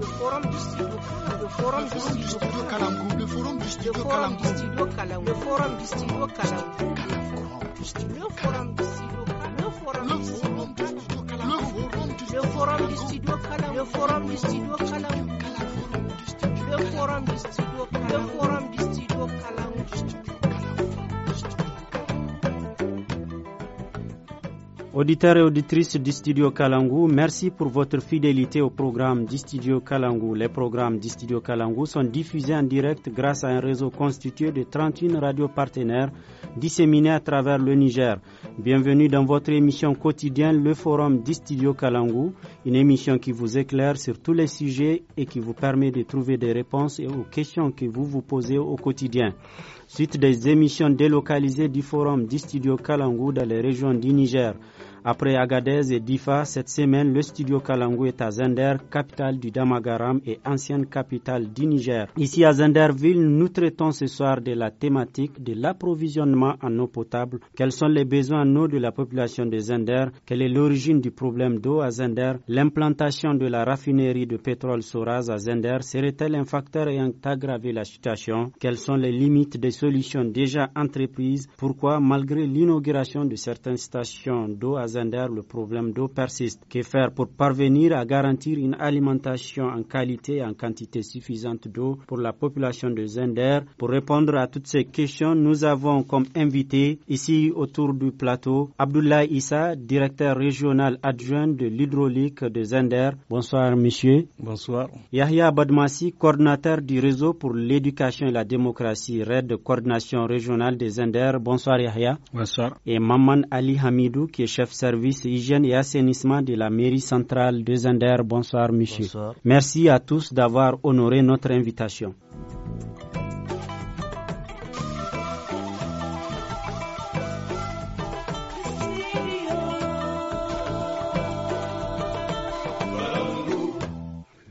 The forum du studio forum du studio forum du studio forum du studio forum du studio forum du studio forum du studio forum du studio forum du forum Auditeurs et auditrices du Studio Kalangu, merci pour votre fidélité au programme du Studio Kalangu. Les programmes du Studio Kalangu sont diffusés en direct grâce à un réseau constitué de 31 radios partenaires disséminés à travers le Niger. Bienvenue dans votre émission quotidienne, le Forum du Studio Kalangu, une émission qui vous éclaire sur tous les sujets et qui vous permet de trouver des réponses aux questions que vous vous posez au quotidien suite des émissions délocalisées du forum du studio Kalangou dans les régions du Niger. Après Agadez et Difa, cette semaine, le studio Kalangou est à Zender, capitale du Damagaram et ancienne capitale du Niger. Ici à Zenderville, nous traitons ce soir de la thématique de l'approvisionnement en eau potable. Quels sont les besoins en eau de la population de Zender Quelle est l'origine du problème d'eau à Zender L'implantation de la raffinerie de pétrole Soraz à Zender serait-elle un facteur ayant aggravé la situation Quelles sont les limites des solutions déjà entreprises Pourquoi, malgré l'inauguration de certaines stations d'eau à Zender, le problème d'eau persiste. Que faire pour parvenir à garantir une alimentation en qualité et en quantité suffisante d'eau pour la population de Zender Pour répondre à toutes ces questions, nous avons comme invité ici autour du plateau Abdoulaye Issa, directeur régional adjoint de l'hydraulique de Zender. Bonsoir, monsieur. Bonsoir. Yahya Badmassi, coordinateur du réseau pour l'éducation et la démocratie, RAID de coordination régionale de Zender. Bonsoir, Yahya. Bonsoir. Et Maman Ali Hamidou, qui est chef service hygiène et assainissement de la mairie centrale de Zender. Bonsoir, monsieur. Merci à tous d'avoir honoré notre invitation.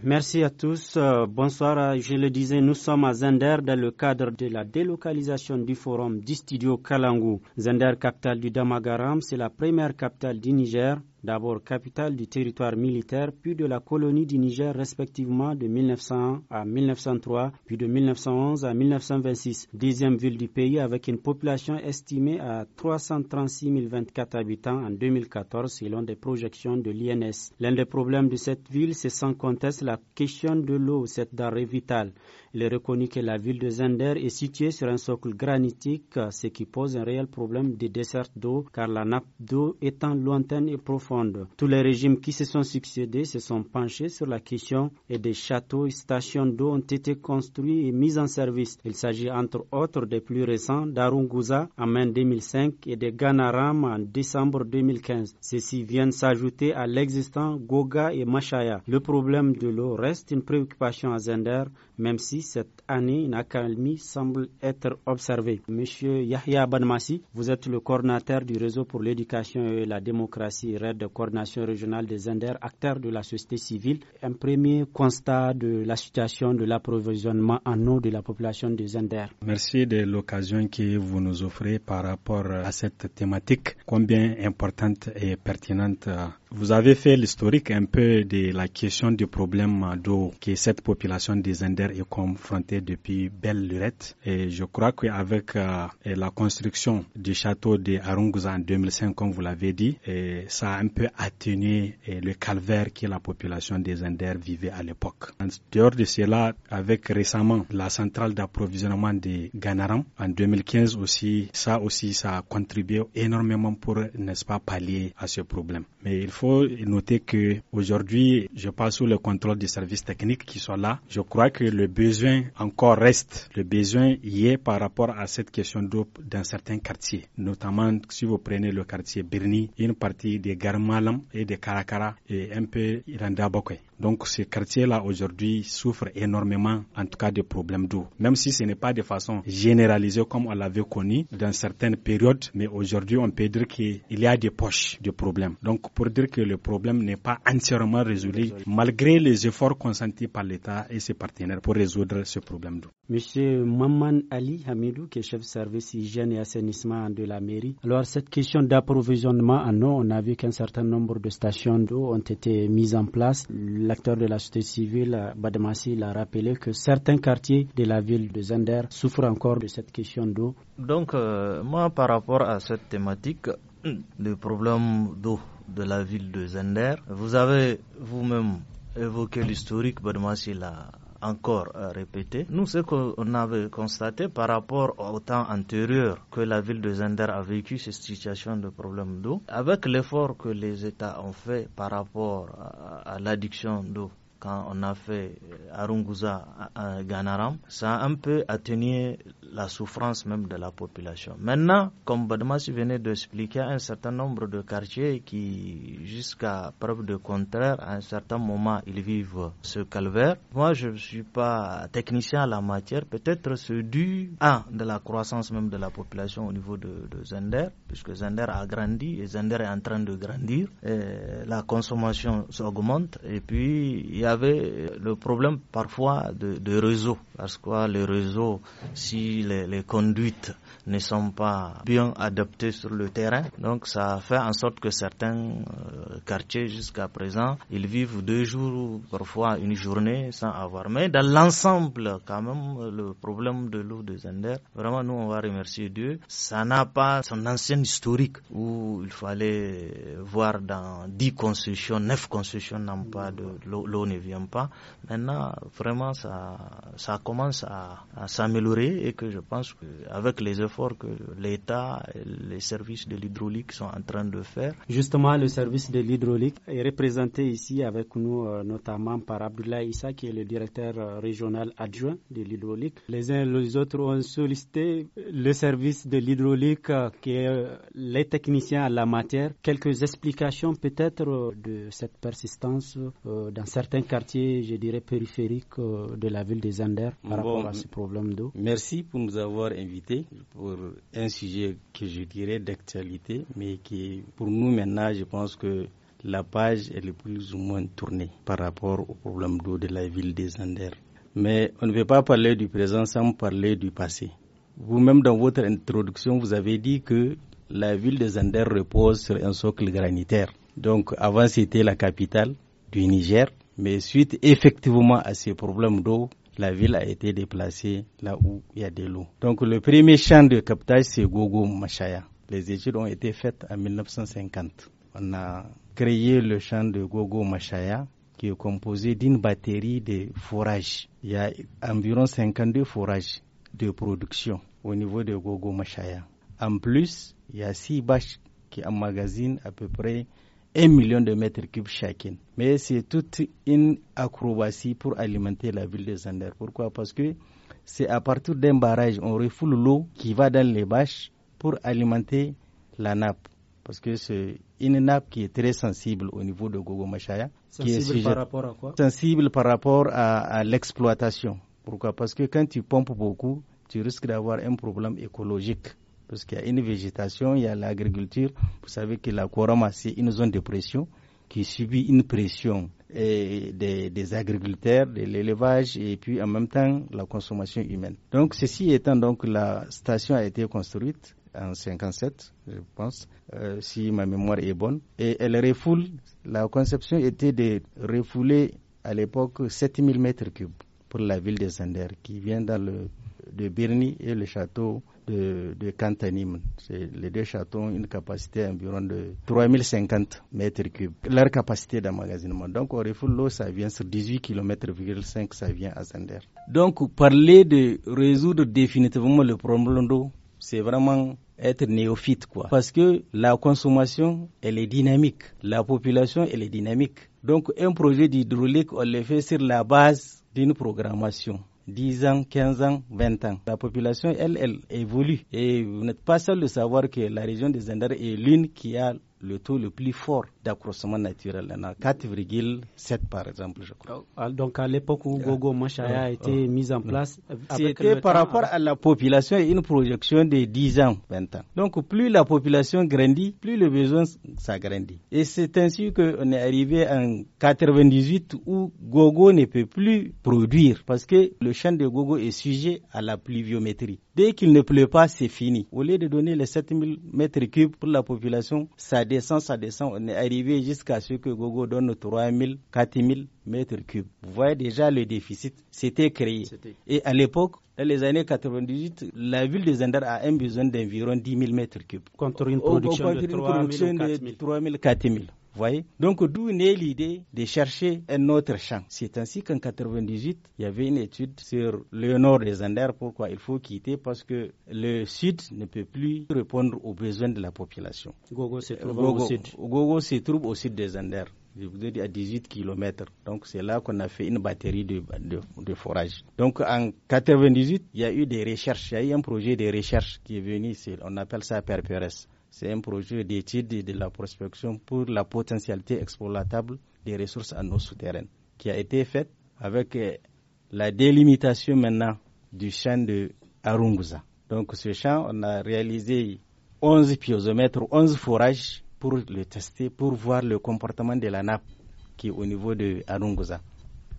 Merci à tous. Euh, bonsoir. Je le disais, nous sommes à Zender dans le cadre de la délocalisation du forum du studio Kalangu. Zender, capitale du Damagaram, c'est la première capitale du Niger d'abord capitale du territoire militaire, puis de la colonie du Niger respectivement de 1901 à 1903, puis de 1911 à 1926, deuxième ville du pays avec une population estimée à 336 024 habitants en 2014 selon des projections de l'INS. L'un des problèmes de cette ville, c'est sans conteste la question de l'eau, cette denrée vitale. Il est reconnu que la ville de Zender est située sur un socle granitique, ce qui pose un réel problème de desserte d'eau, car la nappe d'eau étant lointaine et profonde. Tous les régimes qui se sont succédés se sont penchés sur la question et des châteaux et stations d'eau ont été construits et mis en service. Il s'agit entre autres des plus récents d'Arunguza en mai 2005 et de Ganaram en décembre 2015. Ceux-ci viennent s'ajouter à l'existant Goga et Machaya. Le problème de l'eau reste une préoccupation à Zender même si cette année, une accalmie semble être observée. Monsieur Yahya Banmasi, vous êtes le coordinateur du réseau pour l'éducation et la démocratie, RED de coordination régionale des Inders, acteur de la société civile. Un premier constat de la situation de l'approvisionnement en eau de la population des Zender. Merci de l'occasion que vous nous offrez par rapport à cette thématique, combien importante et pertinente. Vous avez fait l'historique un peu de la question du problème d'eau que cette population des Inders et est depuis belle lurette. Et je crois qu'avec euh, la construction du château de Arunguza en 2005, comme vous l'avez dit, et ça a un peu atténué le calvaire que la population des Indères vivait à l'époque. En dehors de cela, avec récemment la centrale d'approvisionnement des Ganaram en 2015 aussi, ça aussi, ça a contribué énormément pour, n'est-ce pas, pallier à ce problème. Mais il faut noter que aujourd'hui, je passe sous le contrôle des services techniques qui sont là. Je crois que le besoin encore reste. Le besoin y est par rapport à cette question d'eau dans certains quartiers. Notamment, si vous prenez le quartier Birni, une partie des Garmalam et des Karakara et un peu Irandabokwe. Donc ce quartier là aujourd'hui souffre énormément, en tout cas des problèmes d'eau. Même si ce n'est pas de façon généralisée comme on l'avait connu dans certaines périodes, mais aujourd'hui on peut dire qu'il y a des poches de problèmes. Donc pour dire que le problème n'est pas entièrement résolu, malgré les efforts consentis par l'État et ses partenaires pour résoudre ce problème d'eau. Monsieur Maman Ali Hamidou, qui est chef service hygiène et assainissement de la mairie. Alors cette question d'approvisionnement en eau, on a vu qu'un certain nombre de stations d'eau ont été mises en place l'acteur de la société civile, euh, Bademassi, l'a rappelé que certains quartiers de la ville de Zender souffrent encore de cette question d'eau. Donc, euh, moi, par rapport à cette thématique, euh, le problème d'eau de la ville de Zender, vous avez vous-même évoqué l'historique, Bademassi l'a encore euh, répété. Nous, ce qu'on avait constaté par rapport au temps antérieur que la ville de Zender a vécu cette situation de problème d'eau, avec l'effort que les États ont fait par rapport à, à l'addiction d'eau quand on a fait Arunguza euh, à Ganaram, ça a un peu atténué la souffrance même de la population. Maintenant, comme Badmas venait d'expliquer, un certain nombre de quartiers qui, jusqu'à preuve de contraire, à un certain moment, ils vivent ce calvaire. Moi, je ne suis pas technicien à la matière. Peut-être c'est dû à de la croissance même de la population au niveau de, Zender, puisque Zender a grandi et Zender est en train de grandir. Et la consommation s'augmente et puis il y a avait euh, le problème parfois de, de réseau, parce que les réseaux, si les conduites ne sont pas bien adaptés sur le terrain. Donc ça fait en sorte que certains euh, quartiers jusqu'à présent, ils vivent deux jours, parfois une journée sans avoir. Mais dans l'ensemble, quand même, le problème de l'eau de Zender, vraiment nous on va remercier Dieu. Ça n'a pas son ancienne historique où il fallait voir dans dix constructions, neuf constructions n'ont pas de l'eau ne vient pas. Maintenant, vraiment, ça, ça commence à, s'améliorer et que je pense qu'avec les efforts que l'État, les services de l'hydraulique sont en train de faire. Justement, le service de l'hydraulique est représenté ici avec nous, euh, notamment par Abdullah Issa, qui est le directeur euh, régional adjoint de l'hydraulique. Les uns et les autres ont sollicité le service de l'hydraulique, euh, qui est les techniciens à la matière. Quelques explications peut-être de cette persistance dans certains quartiers, je dirais périphérique périphériques euh, de la ville des Anders par rapport à ce problème d'eau. Merci pour nous avoir invités pour un sujet que je dirais d'actualité, mais qui pour nous maintenant, je pense que la page est plus ou moins tournée par rapport au problème d'eau de la ville des Anders. Mais on ne veut pas parler du présent sans parler du passé. Vous-même, dans votre introduction, vous avez dit que la ville des anders repose sur un socle granitaire. Donc, avant, c'était la capitale du Niger. Mais suite effectivement à ces problèmes d'eau, la ville a été déplacée là où il y a de l'eau. Donc le premier champ de captage, c'est Gogo Machaya. Les études ont été faites en 1950. On a créé le champ de Gogo Machaya qui est composé d'une batterie de forages. Il y a environ 52 forages de production au niveau de Gogo Machaya. En plus, il y a six bâches qui emmagasinent à peu près 1 million de mètres cubes chacun. Mais c'est toute une acrobatie pour alimenter la ville de Zander. Pourquoi Parce que c'est à partir d'un barrage, on refoule l'eau qui va dans les bâches pour alimenter la nappe. Parce que c'est une nappe qui est très sensible au niveau de Gogo Machaya. Sensible par rapport à quoi Sensible par rapport à l'exploitation. Pourquoi Parce que quand tu pompes beaucoup, tu risques d'avoir un problème écologique parce qu'il y a une végétation, il y a l'agriculture. Vous savez que la c'est une zone de pression qui subit une pression des, agriculteurs, de l'élevage et puis en même temps la consommation humaine. Donc ceci étant donc la station a été construite en 57, je pense, euh, si ma mémoire est bonne, et elle refoule. La conception était de refouler à l'époque 7000 mètres cubes pour la ville de Sander qui vient dans le de Birni et le château de, de Cantanim. Les deux ont une capacité environ de 3050 mètres cubes. Leur capacité d'emmagasinement. Donc, au refoule, l'eau, ça vient sur 18 km,5, ça vient à Zander. Donc, parler de résoudre définitivement le problème d'eau, c'est vraiment être néophyte, quoi. Parce que la consommation, elle est dynamique. La population, elle est dynamique. Donc, un projet d'hydraulique, on le fait sur la base d'une programmation. 10 ans, 15 ans, 20 ans. La population, elle, elle évolue. Et vous n'êtes pas seul de savoir que la région des Indes est l'une qui a le taux le plus fort d'accroissement naturel. en a 4,7 par exemple, je crois. Ah, ah, donc à l'époque où euh, Gogo Machaya euh, a été euh, mis en place, c'était par rapport à la population et une projection de 10 ans, 20 ans. Donc plus la population grandit, plus le besoin s'agrandit. Et c'est ainsi qu'on est arrivé en 98 où Gogo ne peut plus produire parce que le champ de Gogo est sujet à la pluviométrie. Dès qu'il ne pleut pas, c'est fini. Au lieu de donner les 7000 mètres cubes pour la population, ça descend, ça descend. On est arrivé jusqu'à ce que Gogo donne 3000, 4000 mètres 3 Vous voyez déjà le déficit, c'était créé. Et à l'époque, dans les années 98, la ville de Zandar a un besoin d'environ 10 000 mètres cubes. Contre une production, de, 3000-4000 voyez Donc d'où naît l'idée de chercher un autre champ. C'est ainsi qu'en 98, il y avait une étude sur le nord des Anders, pourquoi il faut quitter, parce que le sud ne peut plus répondre aux besoins de la population. Gogo se euh, trouve Gogo, au sud. Gogo se trouve au sud des Anders je vous à 18 km. Donc c'est là qu'on a fait une batterie de, forage. Donc en 1998, il y a eu des recherches, il y a eu un projet de recherche qui est venu, on appelle ça PERPERES. C'est un projet d'étude de la prospection pour la potentialité exploitable des ressources en eau souterraine qui a été faite avec euh, la délimitation maintenant du champ de Arunguza. Donc ce champ, on a réalisé 11 piosomètres, 11 forages pour le tester, pour voir le comportement de la nappe qui est au niveau de Arunguza.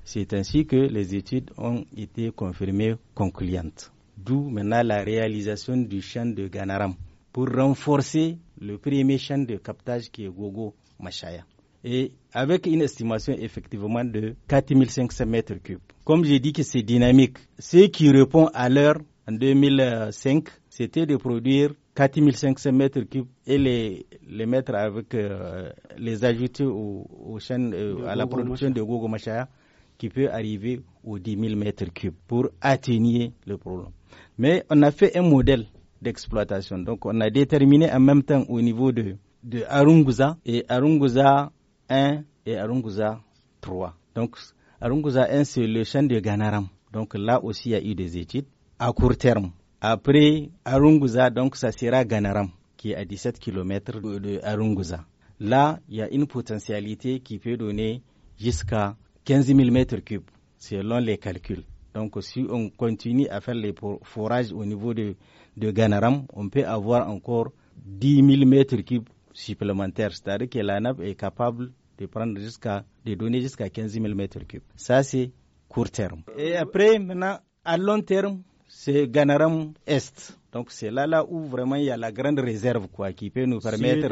C'est ainsi que les études ont été confirmées concluantes. D'où maintenant la réalisation du champ de Ganaram pour renforcer le premier chaîne de captage qui est Gogo Machaya. Et avec une estimation effectivement de 4500 mètres cubes. Comme j'ai dit que c'est dynamique, ce qui répond à l'heure en 2005, c'était de produire 4500 mètres cubes et les, mettre avec euh, les ajouter au, euh, à la production de Gogo Machaya qui peut arriver aux 10 000 mètres cubes pour atténuer le problème. Mais on a fait un modèle d'exploitation. Donc on a déterminé en même temps au niveau de, de Arunguza et Arunguza 1 et Arunguza 3. Donc Arunguza 1 c'est le champ de Ganaram. Donc là aussi il y a eu des études à court terme. Après Arunguza, donc ça sera Ganaram qui est à 17 km de, Arunguza. Là, il y a une potentialité qui peut donner jusqu'à 15 000 m3 selon les calculs. Donc si on continue à faire les forages au niveau de, de Ganaram, on peut avoir encore 10 000 mètres cubes supplémentaires. C'est-à-dire que la nappe est capable de prendre jusqu'à, de donner jusqu'à 15 000 mètres cubes. Ça, c'est court terme. Et après, maintenant, à long terme, c'est Ganaram Est. Donc c'est là, là où vraiment il y a la grande réserve qui peut nous permettre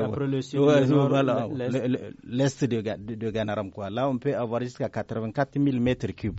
l'est de, de, Ganaram. Quoi. Là, on peut avoir jusqu'à 84 000 mètres cubes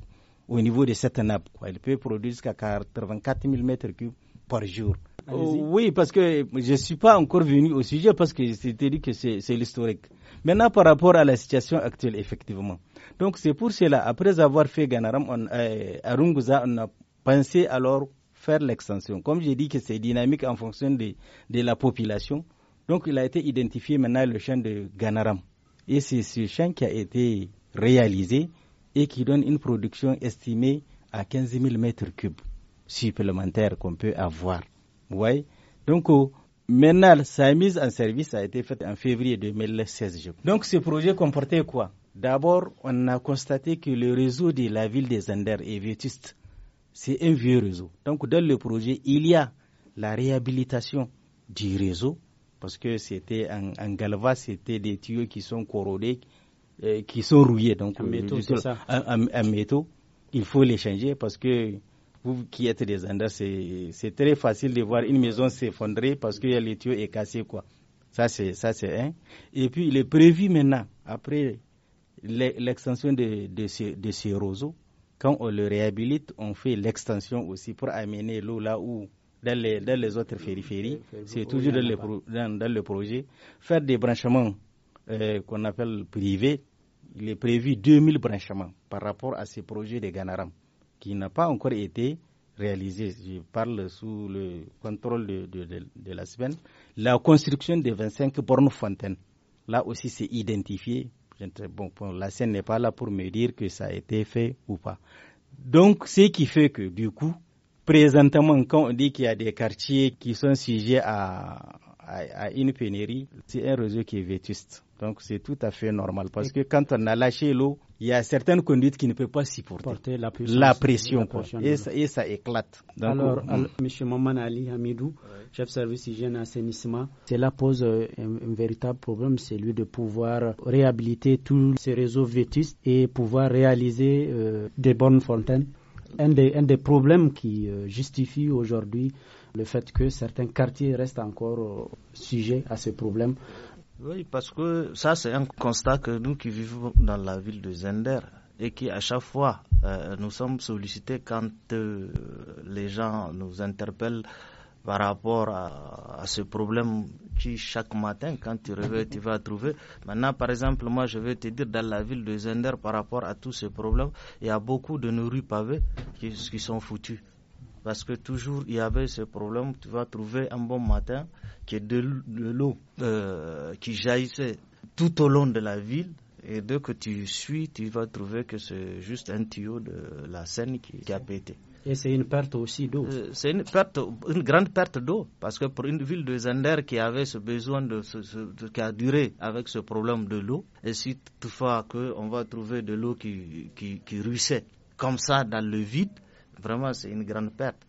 au niveau de cette nappe. Elle peut produire jusqu'à 84 000 m3 par jour. Oh, oui, parce que je ne suis pas encore venu au sujet parce que c'était dit que c'est l'historique. Maintenant, par rapport à la situation actuelle, effectivement. Donc, c'est pour cela, après avoir fait Ganaram on, euh, à Runguza, on a pensé alors faire l'extension. Comme j'ai dit que c'est dynamique en fonction de, de, la population, donc il a été identifié maintenant le champ de Ganaram. Et c'est ce champ qui a été réalisé et qui donne une production estimée à 15 000 mètres cubes supplémentaires qu'on peut avoir. Donc, euh, maintenant, sa mise en service a été faite en février 2016. Donc, ce projet comportait quoi D'abord, on a constaté que le réseau de la ville des Anders est vétuste. C'est un vieux réseau. Donc, dans le projet, il y a la réhabilitation du réseau, parce que c'était en Galva, c'était des tuyaux qui sont corrodés, euh, qui sont rouillés. Donc, en métaux, il faut les changer parce que vous qui êtes des Andas, c'est très facile de voir une maison s'effondrer parce que le tuyau est cassé, quoi. Ça, c'est ça, c'est un. Et puis, il est prévu maintenant, après l'extension de, ces roseaux quand on le réhabilite, on fait l'extension aussi pour amener l'eau là où, dans les, autres périphéries, c'est toujours dans, dans, le projet. Faire des branchements euh, qu'on appelle privés, il est prévu 2000 branchements par rapport à ce projet de Ganaram qui n'a pas encore été réalisé. Je parle sous le contrôle de, la semaine. La construction des 25 bornes fontaines, là aussi c'est identifié. la scène n'est pas là pour me dire que ça a été fait ou pas. Donc, ce qui fait que, du coup, présentement, quand on dit qu'il y a des quartiers qui sont sujets à une pénurie, c'est un réseau qui est vétuste. Donc c'est tout à fait normal parce que quand on a lâché l'eau, il y a certaines conduites qui ne peuvent pas supporter la, la, pression. La pression et, ça, éclate. Alors, M. Maman Ali Hamidou, chef chef service hygiène assainissement, cela pose euh, un, véritable problème, lui de pouvoir réhabiliter tous ces réseaux vétustes et pouvoir réaliser euh, des bonnes fontaines. Un des, un des problèmes qui euh, justifie aujourd'hui le fait que certains quartiers restent encore sujets à ce problème oui, parce que ça, c'est un constat que nous qui vivons dans la ville de Zender et qui, à chaque fois, euh, nous sommes sollicités quand euh, les gens nous interpellent par rapport à, ce problème qui, chaque matin, quand tu réveilles, tu vas trouver. Maintenant, par exemple, moi, je vais te dire, dans la ville de Zender, par rapport à tous ces problèmes, il y a beaucoup de nos rues pavées qui, qui sont foutues parce que toujours il y avait ce problème. Tu vas trouver un bon matin, qui est de, l'eau euh, qui jaillissait tout au long de la ville. Et dès que tu suis, tu vas trouver que c'est juste un tuyau de la Seine qui, a pété. Et c'est une perte aussi d'eau. Euh, c'est une perte, une grande perte d'eau, parce que pour une ville de Zender qui avait ce besoin de, ce, qui a duré avec ce problème de l'eau, et si toutefois que on va trouver de l'eau qui, qui, qui ruissait comme ça dans le vide, vraiment c'est une grande perte.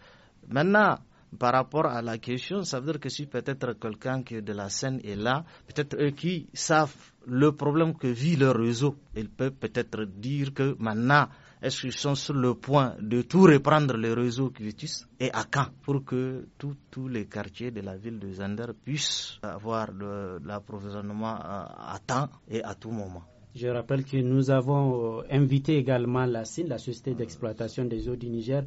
Maintenant, par rapport à la question, ça veut dire que si peut-être quelqu'un qui est de la scène est là, peut-être eux qui savent le problème que vit le réseau, ils peuvent peut-être dire que maintenant, est-ce qu'ils sont sur le point de tout reprendre le réseau vitus et à quand pour que tous les quartiers de la ville de Zander puissent avoir de, l'approvisionnement euh, à, temps et à tout moment je rappelle que nous avons euh, invité également la CIN, la Société d'exploitation des eaux du Niger,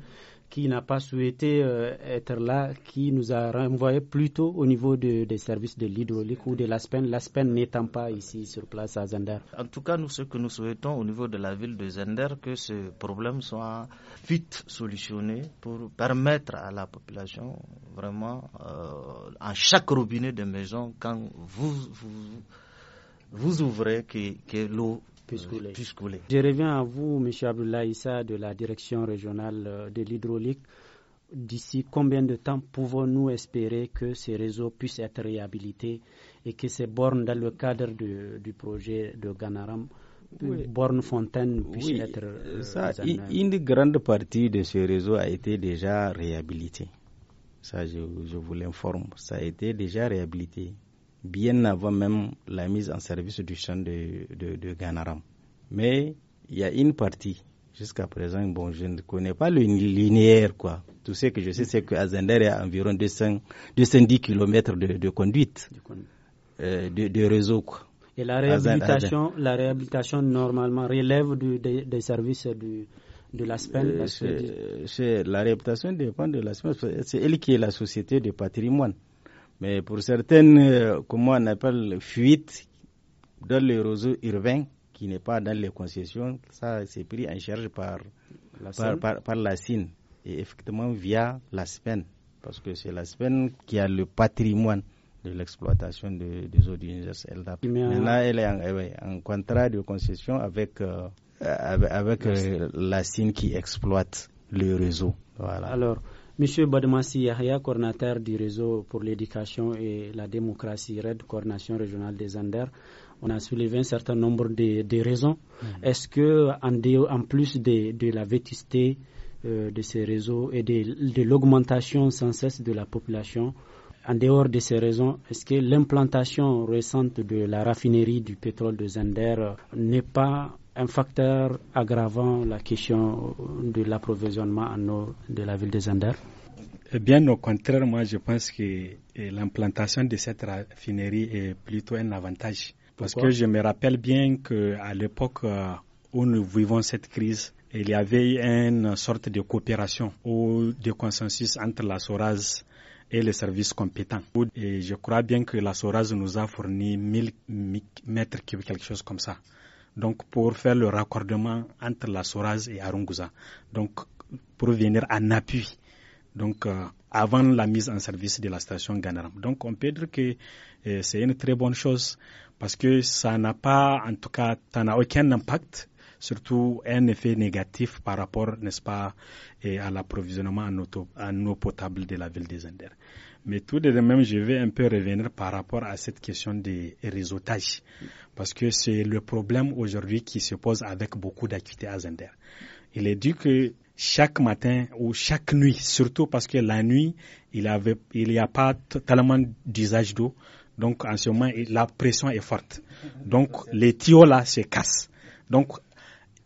qui n'a pas souhaité euh, être là, qui nous a renvoyé plutôt au niveau de, des services de l'hydraulique ou de l'ASPEN, l'ASPEN n'étant pas ici sur place à Zender. En tout cas, nous, ce que nous souhaitons au niveau de la ville de Zender, que ce problème soit vite solutionné pour permettre à la population vraiment, à euh, chaque robinet de maison, quand vous, vous, ouvrez, que l'eau euh, je reviens à vous, M. Abdullah Issa, de la direction régionale euh, de l'hydraulique. D'ici combien de temps pouvons-nous espérer que ces réseaux puissent être réhabilités et que ces bornes, dans le cadre du projet de Ganaram, borne euh, bornes fontaines puissent être. réhabilitées une grande partie de ces réseaux a été déjà réhabilité Ça, je vous l'informe. Ça a été déjà réhabilité bien avant même la mise en service du champ de, de, Mais il y a une partie, jusqu'à présent, bon, je ne connais pas le linéaire, quoi. Tout ce que je sais, c'est qu'à Zender, il y a environ 210 km de, conduite, de, euh, réseau, Et la réhabilitation, la réhabilitation normalement relève des, services de l'ASPEN euh, La réhabilitation dépend de l'ASPEN, c'est elle qui est la société de patrimoine. Mais pour certaines, euh, comment on appelle, fuites dans le réseau urbain qui n'est pas dans les concessions, ça c'est pris en charge par la, par, la et effectivement via la SPEN, parce que c'est la SPEN qui a le patrimoine de l'exploitation des eaux du Elle, elle est eh en, contrat de concession avec, euh, avec, la euh, SIN qui exploite le réseau. Voilà. Monsieur Bademasi Yahya, coordinateur du réseau pour l'éducation et la démocratie RED, coordination régionale des Anders, on a soulevé un certain nombre de, raisons. Mm. Est-ce que, en, plus de, la vétusté euh, de ces réseaux et de, l'augmentation sans cesse de la population, en dehors de ces raisons, est-ce que l'implantation récente de la raffinerie du pétrole de Zender n'est pas un facteur aggravant la question de l'approvisionnement en eau de la ville de Zander eh Bien au contraire, moi je pense que eh, l'implantation de cette raffinerie est plutôt un avantage. Parce que je me rappelle bien qu'à l'époque euh, où nous vivons cette crise, il y avait une sorte de coopération ou de consensus entre la SORAS et les services compétents. Et je crois bien que la SORAS nous a fourni 1000 mètres cubes, quelque chose comme ça donc pour faire le raccordement entre la Soraz et Arunguza, donc pour venir en appui, donc euh, avant la mise en service de la station Ganaram. Donc on peut dire que euh, c'est une très bonne chose parce que ça n'a pas, en tout cas, ça n'a aucun impact surtout un effet négatif par rapport, n'est-ce pas, à l'approvisionnement en, eau potable de la ville des Indères. Mais tout de même, je vais un peu revenir par rapport à cette question des réseautages. Parce que c'est le problème aujourd'hui qui se pose avec beaucoup d'acuité à Il est dit que chaque matin ou chaque nuit, surtout parce que la nuit, il n'y il a pas tellement d'usage d'eau. Donc, en ce moment, la pression est forte. Donc, les tuyaux là se cassent. Donc,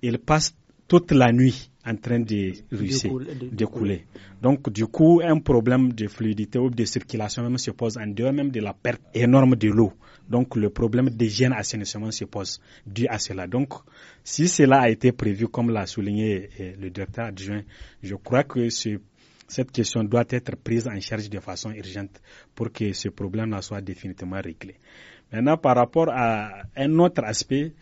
ils passent toute la nuit en train de de couler. Donc, du coup, un problème de fluidité ou de circulation même se pose en dehors même de la perte énorme de l'eau. Donc, le problème d'hygiène assainissement se pose dû à cela. Donc, si cela a été prévu, comme l'a souligné eh, le directeur adjoint, je crois que cette question doit être prise en charge de façon urgente pour que ce problème-là soit définitivement réglé. Maintenant, par rapport à un autre aspect,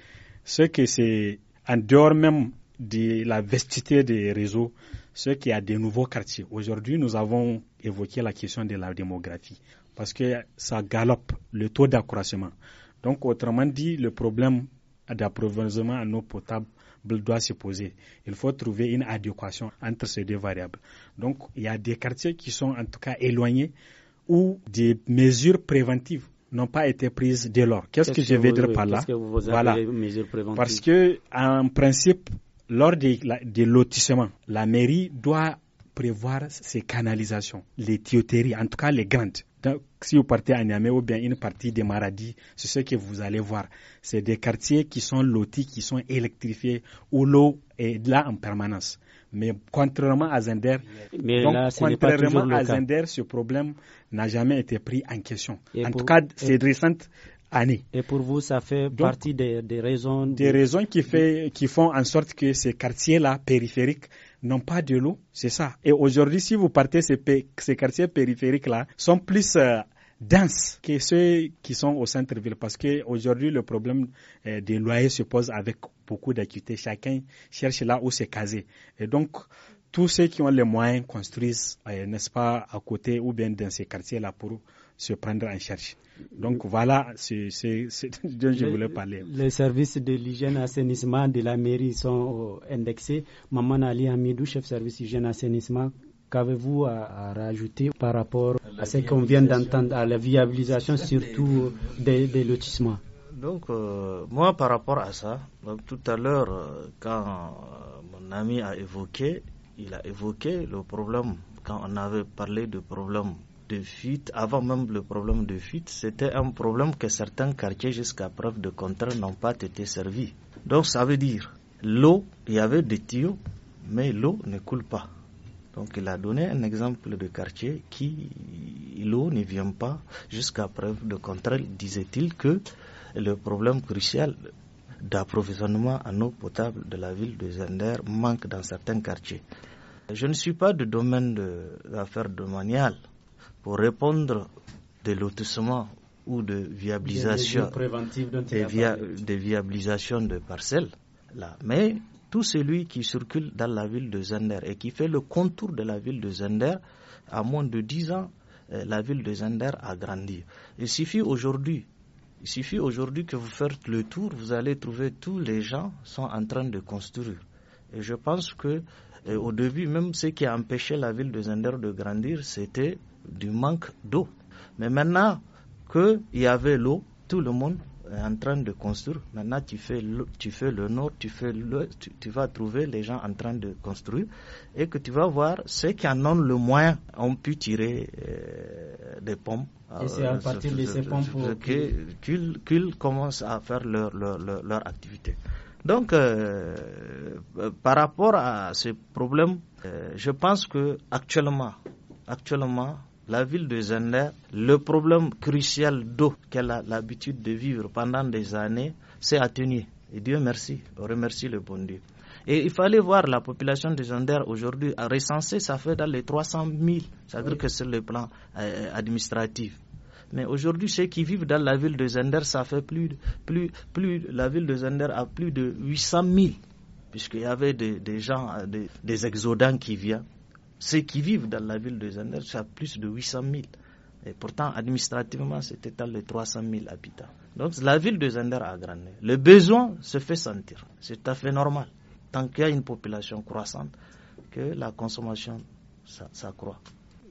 ce que c'est en dehors même de la vestité des réseaux, ce qui a des nouveaux quartiers. Aujourd'hui, nous avons évoqué la question de la démographie parce que ça galope le taux d'accroissement. Donc, autrement dit, le problème d'approvisionnement en eau potable doit se poser. Il faut trouver une adéquation entre ces deux variables. Donc, il y a des quartiers qui sont en tout cas éloignés où des mesures préventives n'ont pas été prises dès lors. Qu'est-ce que, je vais dire par là Voilà. Parce que, en principe, lors des, lotissements, la mairie doit prévoir ces canalisations, les tuyauteries, en tout cas les grandes. Donc, si vous partez à Niamey ou bien une partie des maradis, c'est ce que vous allez voir. C'est des quartiers qui sont lotis, qui sont électrifiés, où l'eau est là en permanence. Mais contrairement à Zender, donc, contrairement à Zender, ce problème n'a jamais été pris en question. en tout cas, c'est récente et pour vous, ça fait partie des, des raisons Des raisons qui, fait, qui font en sorte que ces quartiers-là, périphériques, n'ont pas de l'eau, c'est ça. Et aujourd'hui, si vous partez, ces, ces quartiers périphériques-là sont plus... Euh, denses que ceux qui sont au centre-ville parce qu'aujourd'hui le problème euh, des loyers se pose avec beaucoup d'acuité. Chacun cherche là où se caser. Et donc, tous ceux qui ont les moyens construisent, euh, n'est-ce pas, à côté ou bien dans ces quartiers-là pour se prendre en charge. Donc voilà c'est ce dont je voulais parler. Les services de l'hygiène assainissement de la mairie sont euh, indexés. Maman Ali Amidou, chef service hygiène assainissement, qu'avez-vous à, rajouter par rapport à, ce qu'on vient d'entendre, à la viabilisation surtout des, lotissements donc, euh, moi, par rapport à ça, tout à l'heure, euh, quand mon ami a évoqué, il a évoqué le problème, quand on avait parlé de problème de fuite, avant même le problème de fuite, c'était un problème que certains quartiers, jusqu'à preuve de contraire, n'ont pas été servis. Donc ça veut dire, l'eau, il y avait des tuyaux, mais l'eau ne coule pas. Donc il a donné un exemple de quartier qui l'eau ne vient pas jusqu'à preuve de contraire. Disait-il que le problème crucial d'approvisionnement en eau potable de la ville de Zender manque dans certains quartiers. Je ne suis pas du domaine de l'affaire pour répondre de lotissement ou de viabilisation, de, de parcelles. Là. Mais tout celui qui circule dans la ville de Zender et qui fait le contour de la ville de Zender, à moins de 10 ans, euh, la ville de Zender a grandi. Il suffit aujourd'hui il suffit aujourd'hui que vous faites le tour, vous allez trouver tous les gens sont en train de construire. Et je pense que euh, au début, même ce qui a empêché la ville de Zender de grandir, c'était du manque d'eau. Mais maintenant qu'il y avait l'eau, tout le monde est en train de construire. Maintenant, tu fais le, tu fais le nord, tu, fais tu, vas trouver les gens en train de construire et que tu vas voir ceux qui en ont le moins ont pu tirer euh, des pompes. Et c'est à euh, partir de ces pompes qu'ils qu commencent à faire leur, leur, leur, activité. Donc, euh, par rapport à ce problème, je pense que actuellement, actuellement, la ville de Zender, le problème crucial d'eau qu'elle a l'habitude de vivre pendant des années s'est atténué. Et Dieu merci, remercie le bon Dieu. Et il fallait voir la population de Zender aujourd'hui recensée, ça fait dans les 300 000, c'est-à-dire que c'est le plan euh, administratif. Mais aujourd'hui, ceux qui vivent dans la ville de Zender, ça fait plus, la ville de Zender a plus de 800 000, puisqu'il y avait des, gens, euh, des exodants qui viennent ceux qui vivent dans la ville de Zender, c'est plus de 800 000. Et pourtant, administrativement, c'est à de 300 000 habitants. Donc, la ville de Zender a grandi. Le besoin se fait sentir. C'est tout à fait normal. Tant qu'il y a une population croissante, que la consommation s'accroît.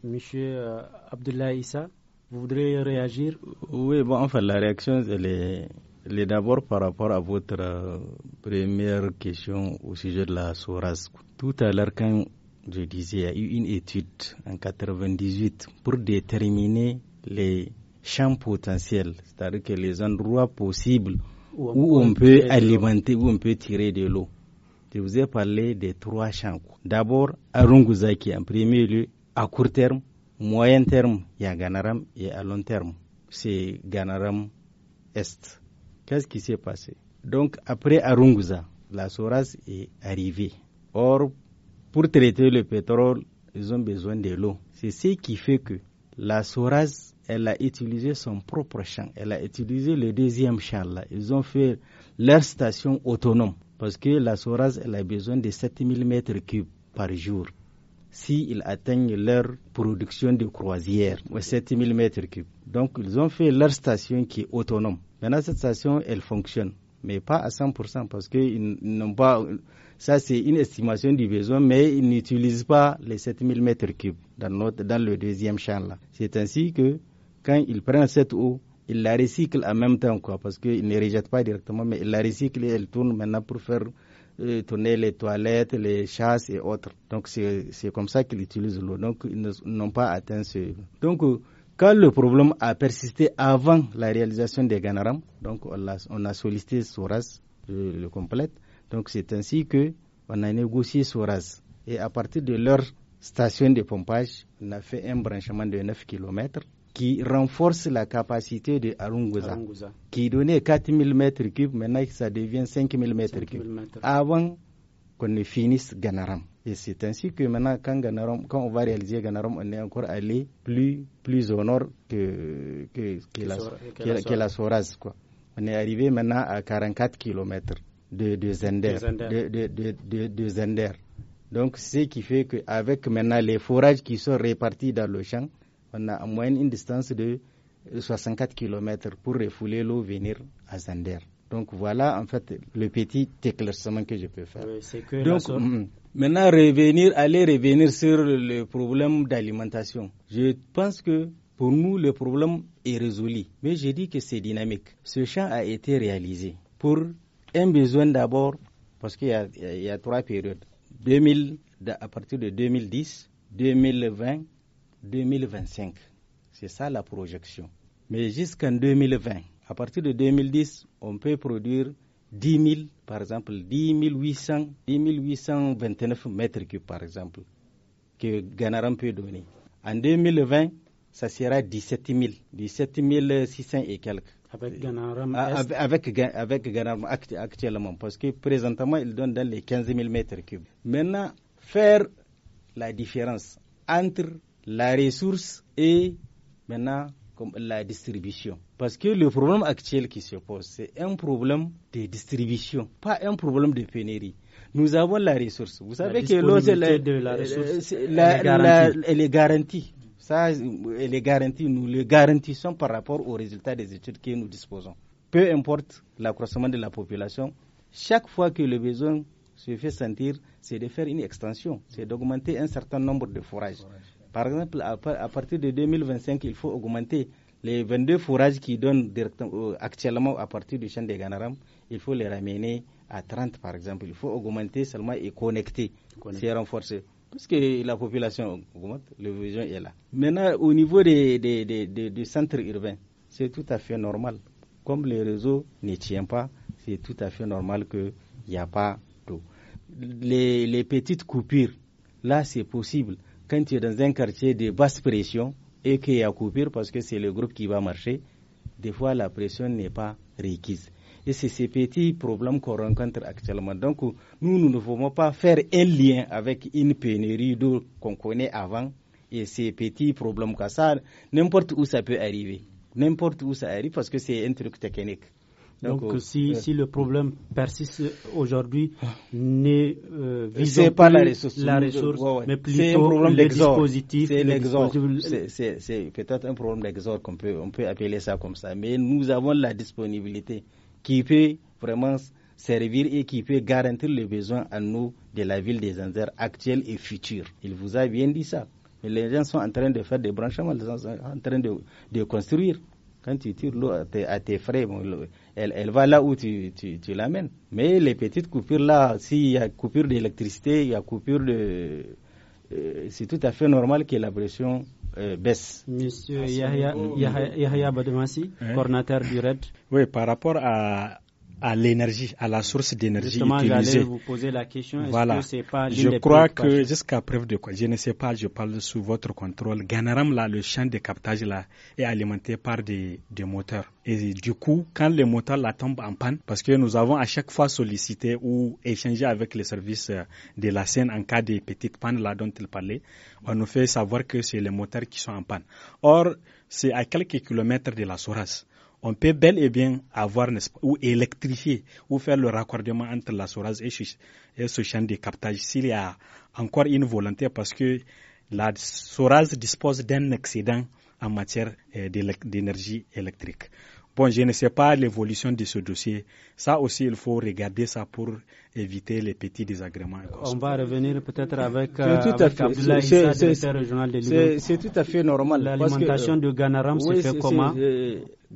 Monsieur euh, Issa, vous voudriez réagir Oui, bon, enfin, la réaction, elle est, d'abord par rapport à votre euh, première question au sujet de la SORAS. Tout à l'heure, quand je disais, il y a eu une étude en 98 pour déterminer les champs potentiels, c'est-à-dire que les endroits possibles où on, peut, alimenter, où on peut tirer de l'eau. Je vous ai parlé des trois champs. D'abord, qui est en premier lieu, à court terme, moyen terme, il y a Ganaram, et à long terme, c'est Ganaram Est. Qu'est-ce qui s'est passé Donc, après Arunguza, la Soras est arrivée. Or, pour traiter le pétrole, ils ont besoin de l'eau. C'est ce qui fait que la Soraz, elle a utilisé son propre champ. Elle a utilisé le deuxième champ Ils ont fait leur station autonome. Parce que la Soraz, elle a besoin de 7000 m cubes par jour. S'ils atteignent leur production de croisière, 7000 mètres cubes. Donc, ils ont fait leur station qui est autonome. Maintenant, cette station, elle fonctionne mais pas à 100% parce qu'ils n'ont pas. Ça, c'est une estimation du besoin, mais ils n'utilisent pas les 7000 mètres cubes dans, dans le deuxième champ. là. C'est ainsi que quand ils prennent cette eau, ils la recyclent en même temps, quoi, parce qu'ils ne rejettent pas directement, mais ils la recyclent et elle tourne maintenant pour faire euh, tourner les toilettes, les chasses et autres. Donc, c'est comme ça qu'ils utilisent l'eau. Donc, ils n'ont pas atteint ce. Donc, euh, quand le problème a persisté avant la réalisation des Ganaram, donc on a, sollicité Soras, le complète. Donc c'est ainsi que on a négocié Soras. Et à partir de leur station de pompage, on a fait un branchement de 9 km qui renforce la capacité de Arunguza, qui donnait 4000 m3, maintenant ça devient 5000 m3. Avant qu'on ne finisse Ganaram. Et c'est ainsi que maintenant, quand, quand on va réaliser Ganarom, on est encore allé plus, plus au nord que, que, la, que, On est arrivé maintenant à 44 km de, de Zender. Donc, ce qui fait qu'avec maintenant les forages qui sont répartis dans le champ, on a en moyenne une distance de 64 km pour refouler l'eau venir à Zender. Donc voilà en fait le petit éclaircissement que je peux faire. que Donc, Maintenant, revenir, aller revenir sur le problème d'alimentation. Je pense que pour nous, le problème est résolu. Mais je dis que c'est dynamique. Ce champ a été réalisé pour un besoin d'abord, parce qu'il y, a trois périodes. 2000, à partir de 2010, 2020, 2025. C'est ça la projection. Mais jusqu'en 2020, à partir de 2010, on peut produire 10 000, par exemple, 10 800, 10 829 mètres cubes, par exemple, que Ganaram peut donner. En 2020, ça sera 17 000, 17 600 et quelques. Avec Ganaram ah, avec, avec Ganaram actuellement, parce que présentement, il donne dans les 15 000 mètres cubes. Maintenant, faire la différence entre la ressource et maintenant comme la distribution. Parce que le problème actuel qui se pose, c'est un problème de distribution, pas un problème de pénurie. Nous avons la ressource. Vous savez que euh, l'eau, elle est garantie. Ça, elle est garantie. Nous le garantissons par rapport aux résultats des études que nous disposons. Peu importe l'accroissement de la population, chaque fois que le besoin se fait sentir, c'est de faire une extension, c'est d'augmenter un certain nombre de forages. Par exemple, à, partir de 2025, il faut augmenter les 22 fourrages qui donnent euh, actuellement à partir du champ des Ganaram, il faut les ramener à 30 par exemple. Il faut augmenter seulement et connecter, c'est renforcer. Parce que la population augmente, le besoin est là. Maintenant, au niveau des, des, des, centres urbains, c'est tout à fait normal. Comme le réseau ne tient pas, c'est tout à fait normal qu'il n'y a pas d'eau. les petites coupures, là c'est possible quand tu es dans un quartier de basse pression et qu'il y a coupure parce que c'est le groupe qui va marcher, des fois la pression n'est pas requise. Et c'est ces petits problèmes qu'on rencontre actuellement. Donc, nous, nous ne pouvons pas faire un lien avec une pénurie d'eau qu'on connaît avant et ces petits problèmes comme ça, n'importe où ça peut arriver. N'importe où ça arrive parce que c'est un truc technique. Donc, si, le problème persiste aujourd'hui, ah. ne euh, pas la ressource, mais plutôt le C'est peut-être un problème d'exode qu'on peut, on peut appeler ça comme ça. Mais nous avons la disponibilité qui peut vraiment servir et qui peut garantir les besoins à nous de la ville des Anzères actuelle et future. Il vous a bien dit ça. Mais les gens sont en train de faire des branchements, les gens sont en train de, construire. Quand tu tires l'eau à, tes, frais, elle, va là où tu, tu, tu l'amènes. Mais les petites coupures là, s'il y a coupure d'électricité, il y a coupure de. Euh, c'est tout à fait normal que la pression euh, baisse. Monsieur ah, Yahya, hein? coordinateur du RED. Oui, par rapport à à l'énergie, à la source d'énergie utilisée. vous poser la question. Voilà. Que pas je crois que jusqu'à preuve de quoi, je ne sais pas, je parle sous votre contrôle. Ganaram, là, le champ de captage, là, est alimenté par des, moteurs. Et du coup, quand les moteurs la tombent en panne, parce que nous avons à chaque fois sollicité ou échangé avec les services euh, de la Seine en cas de petites pannes, là, dont il parlait, on nous fait savoir que c'est les moteurs qui sont en panne. Or, c'est à quelques kilomètres de la Source on peut bel et bien avoir, ou électrifier, ou faire le raccordement entre la Soraz et, ce champ de captage s'il y a encore une volonté parce que la Soraz dispose d'un excédent en matière euh, d'énergie électrique. Bon, je ne sais pas l'évolution de ce dossier. Ça aussi, il faut regarder ça pour éviter les petits désagréments. On va revenir peut-être avec, euh, directeur C'est tout à fait normal. L'alimentation du de Ganaram se fait comment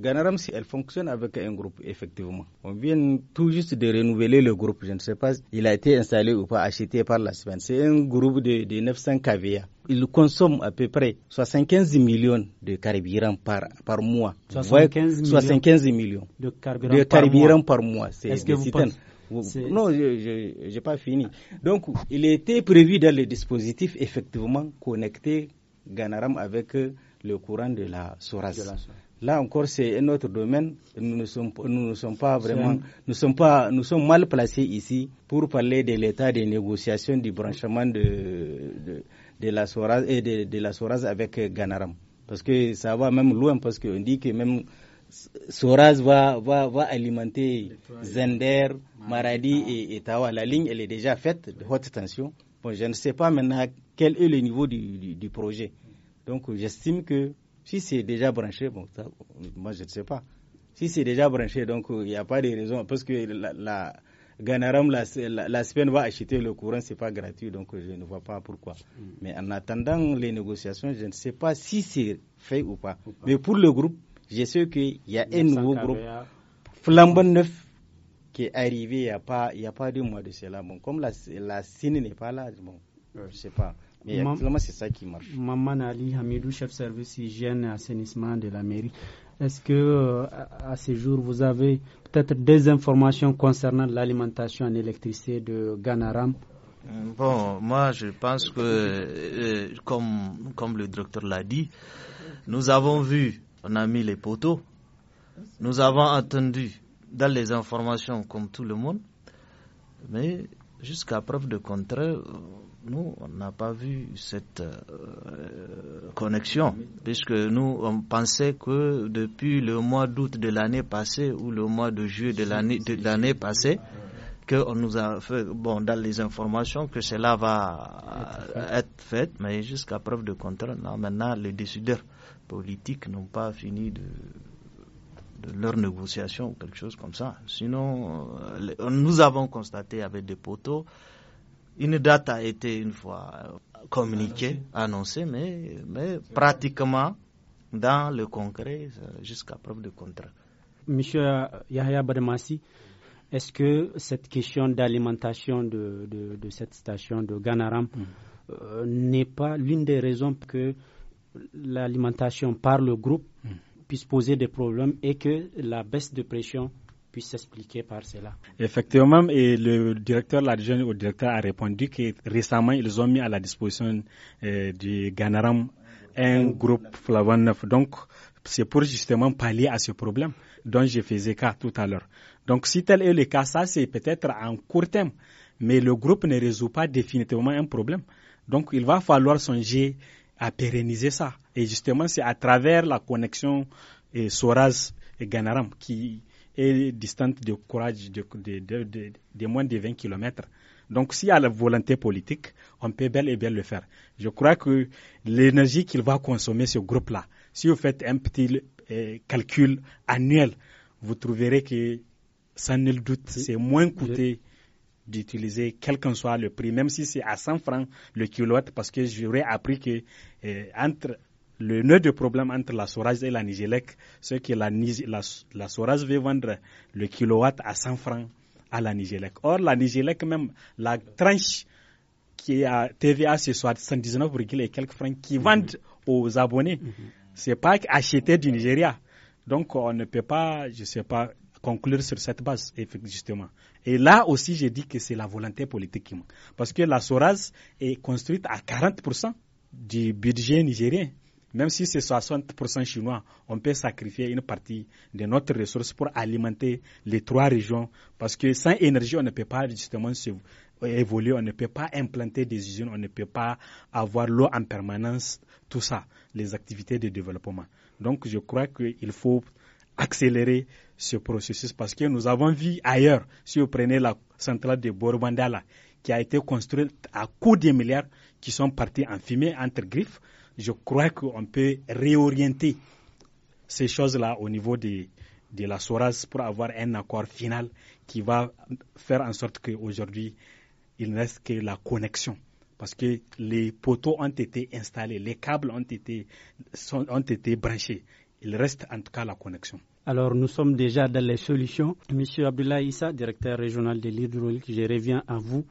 Ganaram, si elle fonctionne avec un groupe, effectivement. On vient tout juste de renouveler le groupe. Je ne sais pas, il a été installé ou pas, acheté par la semaine. C'est un groupe de, 900 KVA. Il consomme à peu près 75 millions de carburant par, mois. 75, millions, de carburant, par mois. est C'est -ce que vous pensez... Non, je n'ai pas fini. Donc, il était prévu dans le dispositif, effectivement, connecter Ganaram avec euh, le courant de la SORAS Là encore, c'est un autre domaine. Nous ne sommes, nous ne sommes pas vraiment, nous sommes pas, nous sommes mal placés ici pour parler de l'état des négociations du branchement de, de, la Soraz et de, la avec Ganaram. Parce que ça va même loin, parce qu'on dit que même Soraz va, va, va alimenter Zender, Maradi et, Tawa. La ligne, elle est déjà faite de haute tension. Bon, je ne sais pas maintenant quel est le niveau du projet. Donc, j'estime que si c'est déjà branché, bon, moi je ne sais pas. Si c'est déjà branché, donc euh, il n'y a pas de raison. Parce que la, Ganaram, la, va acheter le courant, ce n'est pas gratuit, donc je ne vois pas pourquoi. Mm. Mais en attendant les négociations, je ne sais pas si c'est fait ou pas. Mais pour le groupe, je sais qu'il y a un nouveau groupe, Flambeau neuf, qui est arrivé il n'y a, pas, il y a pas deux mois de cela. Bon, comme la, la n'est pas là, bon, je ne sais pas c'est ça qui marche. Maman Ali Hamidou, chef service hygiène et assainissement de la mairie. Est-ce que euh, à ce jour, vous avez peut-être des informations concernant l'alimentation en électricité de Ganaram euh, Bon, moi, je pense que, euh, comme, comme le docteur l'a dit, nous avons vu, on a mis les poteaux, nous avons entendu dans les informations comme tout le monde, mais jusqu'à preuve de contraire, nous, on n'a pas vu cette euh, connexion, puisque nous, on pensait que depuis le mois d'août de l'année passée ou le mois de juillet de l'année, de l'année passée, qu'on nous a fait, bon, dans les informations, que cela va être fait, mais jusqu'à preuve de contraire, non, maintenant, les décideurs politiques n'ont pas fini de de leur négociation ou quelque chose comme ça. Sinon, euh, nous avons constaté avec des poteaux, une date a été une fois communiquée, annoncée, mais, mais pratiquement dans le concret, euh, jusqu'à preuve de contrat. Monsieur Yahya Bademassi, est-ce que cette question d'alimentation de, de, cette station de Ganaram mm. euh, n'est pas l'une des raisons que l'alimentation par le groupe puisse poser des problèmes et que la baisse de pression puisse s'expliquer par cela. Effectivement, et le directeur, l'adjoint au directeur a répondu que récemment, ils ont mis à la disposition euh, du Ganaram un groupe 9. Donc, c'est pour justement pallier à ce problème dont je faisais cas tout à l'heure. Donc, si tel est le cas, ça, c'est peut-être en court terme, mais le groupe ne résout pas définitivement un problème. Donc, il va falloir songer à pérenniser ça. Et justement, c'est à travers la connexion euh, Soraz et Ganaram qui est distante de courage de, moins de 20 km. Donc, s'il y a la volonté politique, on peut bel et bien le faire. Je crois que l'énergie qu'il va consommer, ce groupe-là, si vous faites un petit euh, calcul annuel, vous trouverez que, sans nul doute, c'est moins coûté d'utiliser quel qu'en soit le prix, même si c'est à 100 francs le kilowatt, parce que j'aurais appris que euh, entre le nœud de problème entre la SORAS et la Nigélec, c'est que la, la, veut vendre le kilowatt à 100 francs à la Nigélec. Or, la Nigélec, même la tranche qui est à TVA, c'est 79, et quelques francs qui mhm. vendent aux abonnés. ce mhm. n'est C'est pas acheté du Nigeria. Donc, on ne peut pas, je sais pas, conclure sur cette base, justement. Et là aussi, j'ai dit que c'est la volonté politique Parce que la SORAS est construite à 40% du budget nigérien. Même si c'est 60% chinois, on peut sacrifier une partie de notre ressource pour alimenter les trois régions. Parce que sans énergie, on ne peut pas justement évoluer, on ne peut pas implanter des usines, on ne peut pas avoir l'eau en permanence, tout ça, les activités de développement. Donc je crois qu'il faut accélérer ce processus parce que nous avons vu ailleurs, si vous prenez la centrale de Borobandala, qui a été construite à coups de milliards, qui sont partis en fumée entre griffes, je crois qu'on peut réorienter ces choses-là au niveau de, la SORAS pour avoir un accord final qui va faire en sorte qu'aujourd'hui, il ne reste que la connexion. Parce que les poteaux ont été installés, les câbles ont été, ont été branchés. Il reste en tout cas la connexion. Alors nous sommes déjà dans les solutions. Monsieur Abdullah Issa, directeur régional de l'hydraulique, je reviens à vous.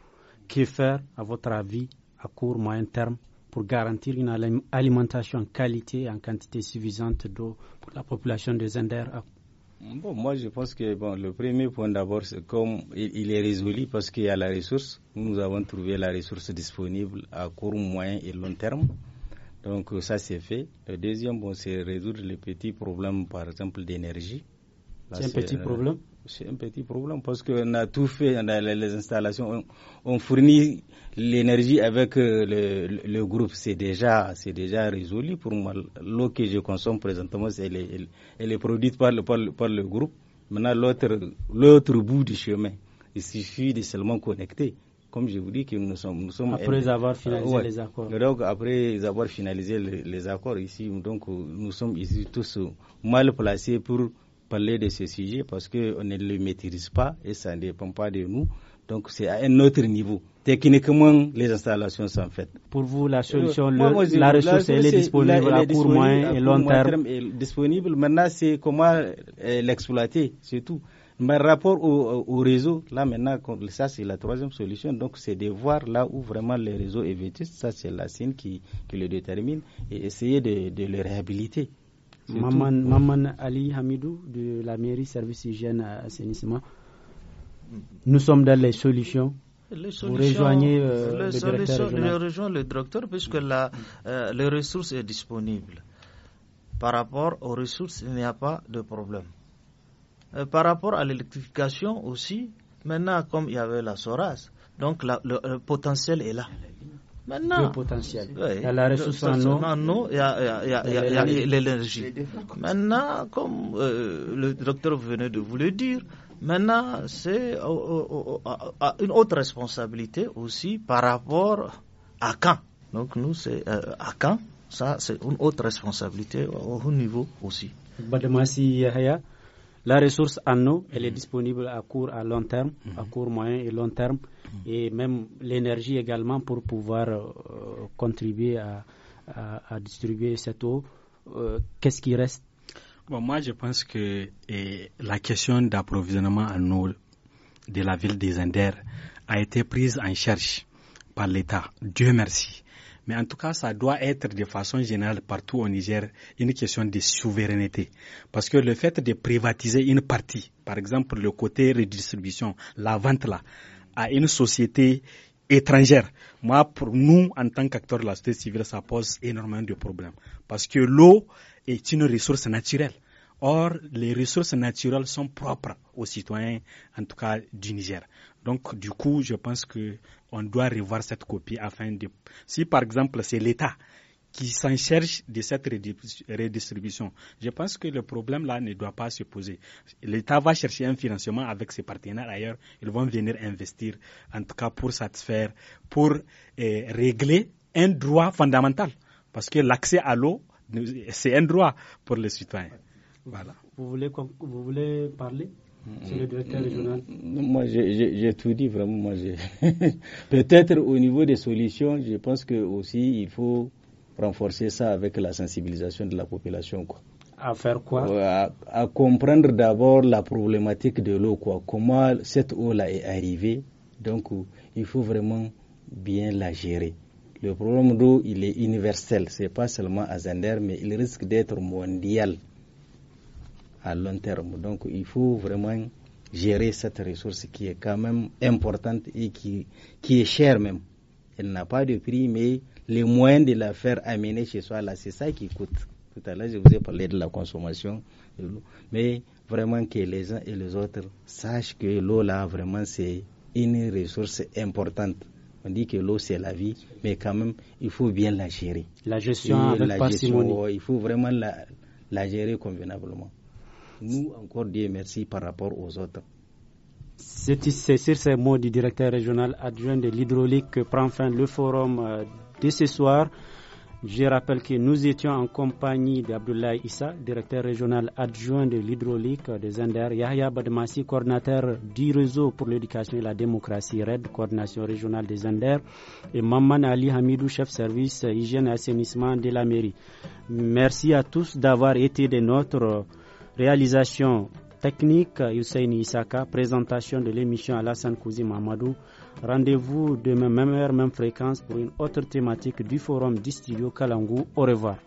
Que faire, à votre avis, à court, moyen terme, pour garantir une alimentation en qualité et en quantité suffisante d'eau pour la population des Zinder? Bon, moi, je pense que le premier point d'abord, c'est comme il, est résolu parce qu'il y a la ressource. Nous avons trouvé la ressource disponible à court, moyen et long terme. Donc ça c'est fait. Le deuxième, bon, c'est résoudre les petits problèmes, par exemple, d'énergie. C'est un petit euh, problème C'est un petit problème parce qu'on a tout fait, on a les installations, on, fournit l'énergie avec euh, le, groupe. C'est déjà, déjà résolu pour moi. L'eau que je consomme présentement, elle, est produite par le, par le, par le groupe. Maintenant, l'autre bout du chemin, il suffit de seulement connecter comme je vous dis, que nous sommes. Nous sommes après avoir euh, finalisé les accords. Donc, après avoir finalisé les, accords ici, donc, euh, nous sommes ici tous mal placés pour parler de ce sujet parce qu'on ne le maîtrise pas et ça ne dépend pas de nous. Donc c'est à un autre niveau. Techniquement, les installations sont faites. Pour vous, la euh, solution, la ressource, elle est, disponible à court, moyen et long terme. est disponible. Maintenant, c'est comment l'exploiter, c'est tout. Mais rapport au, réseau, là maintenant, ça c'est la troisième solution. Donc c'est de voir là où vraiment les réseau est Ça c'est la signe qui, le détermine et essayer de, le réhabiliter. Maman, Ali Hamidou de la mairie service hygiène assainissement. Nous sommes dans les solutions. Vous rejoignez euh, le directeur le puisque la, euh, les ressources sont disponibles. Par rapport aux ressources, il n'y a pas de problème. Euh, par rapport à l'électrification aussi, maintenant, comme il y avait la SORAS, donc le, potentiel est là. Maintenant, le potentiel. il y a la ressource en eau. il y a l'énergie. Maintenant, comme euh, le docteur venait de vous le dire, maintenant, c'est une autre responsabilité aussi par rapport à quand. Donc, nous, c'est euh, à quand. Ça, c'est une autre responsabilité au, haut niveau aussi. Bademasi Yahya, la ressource en eau, elle est disponible à court, à long terme, à court, moyen et long terme, et même l'énergie également pour pouvoir euh, contribuer à, distribuer cette eau. Euh, qu'est-ce qui reste Moi, je pense que la question d'approvisionnement en eau de la ville des Indères a été prise en charge par l'État. Dieu merci. Mais en tout cas, ça doit être de façon générale partout au Niger une question de souveraineté. Parce que le fait de privatiser une partie, par exemple le côté redistribution, la vente là, à une société étrangère, moi, pour nous, en tant qu'acteurs de la société civile, ça pose énormément de problèmes. Parce que l'eau est une ressource naturelle. Or, les ressources naturelles sont propres aux citoyens, en tout cas du Niger. Donc, du coup, je pense que on doit revoir cette copie afin de. Si par exemple c'est l'État qui s'en cherche de cette redistribution, je pense que le problème là ne doit pas se poser. L'État va chercher un financement avec ses partenaires ailleurs. Ils vont venir investir, en tout cas pour satisfaire, pour eh, régler un droit fondamental. Parce que l'accès à l'eau, c'est un droit pour les citoyens. Voilà. Vous voulez, vous voulez parler Monsieur le directeur régional. Euh, moi, j'ai tout dit vraiment. Peut-être au niveau des solutions, je pense que aussi il faut renforcer ça avec la sensibilisation de la population. Quoi. À faire quoi à, comprendre d'abord la problématique de l'eau, Comment cette eau-là est arrivée. Donc, il faut vraiment bien la gérer. Le problème d'eau, il est universel. Ce n'est pas seulement à Zander, mais il risque d'être mondial à long terme. Donc il faut vraiment gérer cette ressource qui est quand même importante et qui, qui est chère même. Elle n'a pas de prix, mais les moyens de la faire amener chez soi, là, c'est ça qui coûte. Tout à l'heure, je vous ai parlé de la consommation de l'eau. Mais vraiment que les uns et les autres sachent que l'eau, là, vraiment, c'est une ressource importante. On dit que l'eau, c'est la vie, mais quand même, il faut bien la gérer. La gestion avec la gestion, il faut vraiment la gérer convenablement nous, encore Dieu merci, par rapport aux autres. C'est sur ces mots du directeur régional adjoint de l'hydraulique que prend fin le forum euh, de ce soir. Je rappelle que nous étions en compagnie d'Abdoulaye Issa, directeur régional adjoint de l'hydraulique des Zender, Yahya Bademassi, coordinateur du réseau pour l'éducation et la démocratie RED, coordination régionale des Zender, et Maman Ali Hamidou, chef service hygiène et assainissement de la mairie. Merci à tous d'avoir été de notre Réalisation technique Yousseini Isaka, présentation de l'émission Alassane Kouzi Mamadou. Rendez-vous demain, même heure, même fréquence pour une autre thématique du forum du studio Kalangou. Au revoir.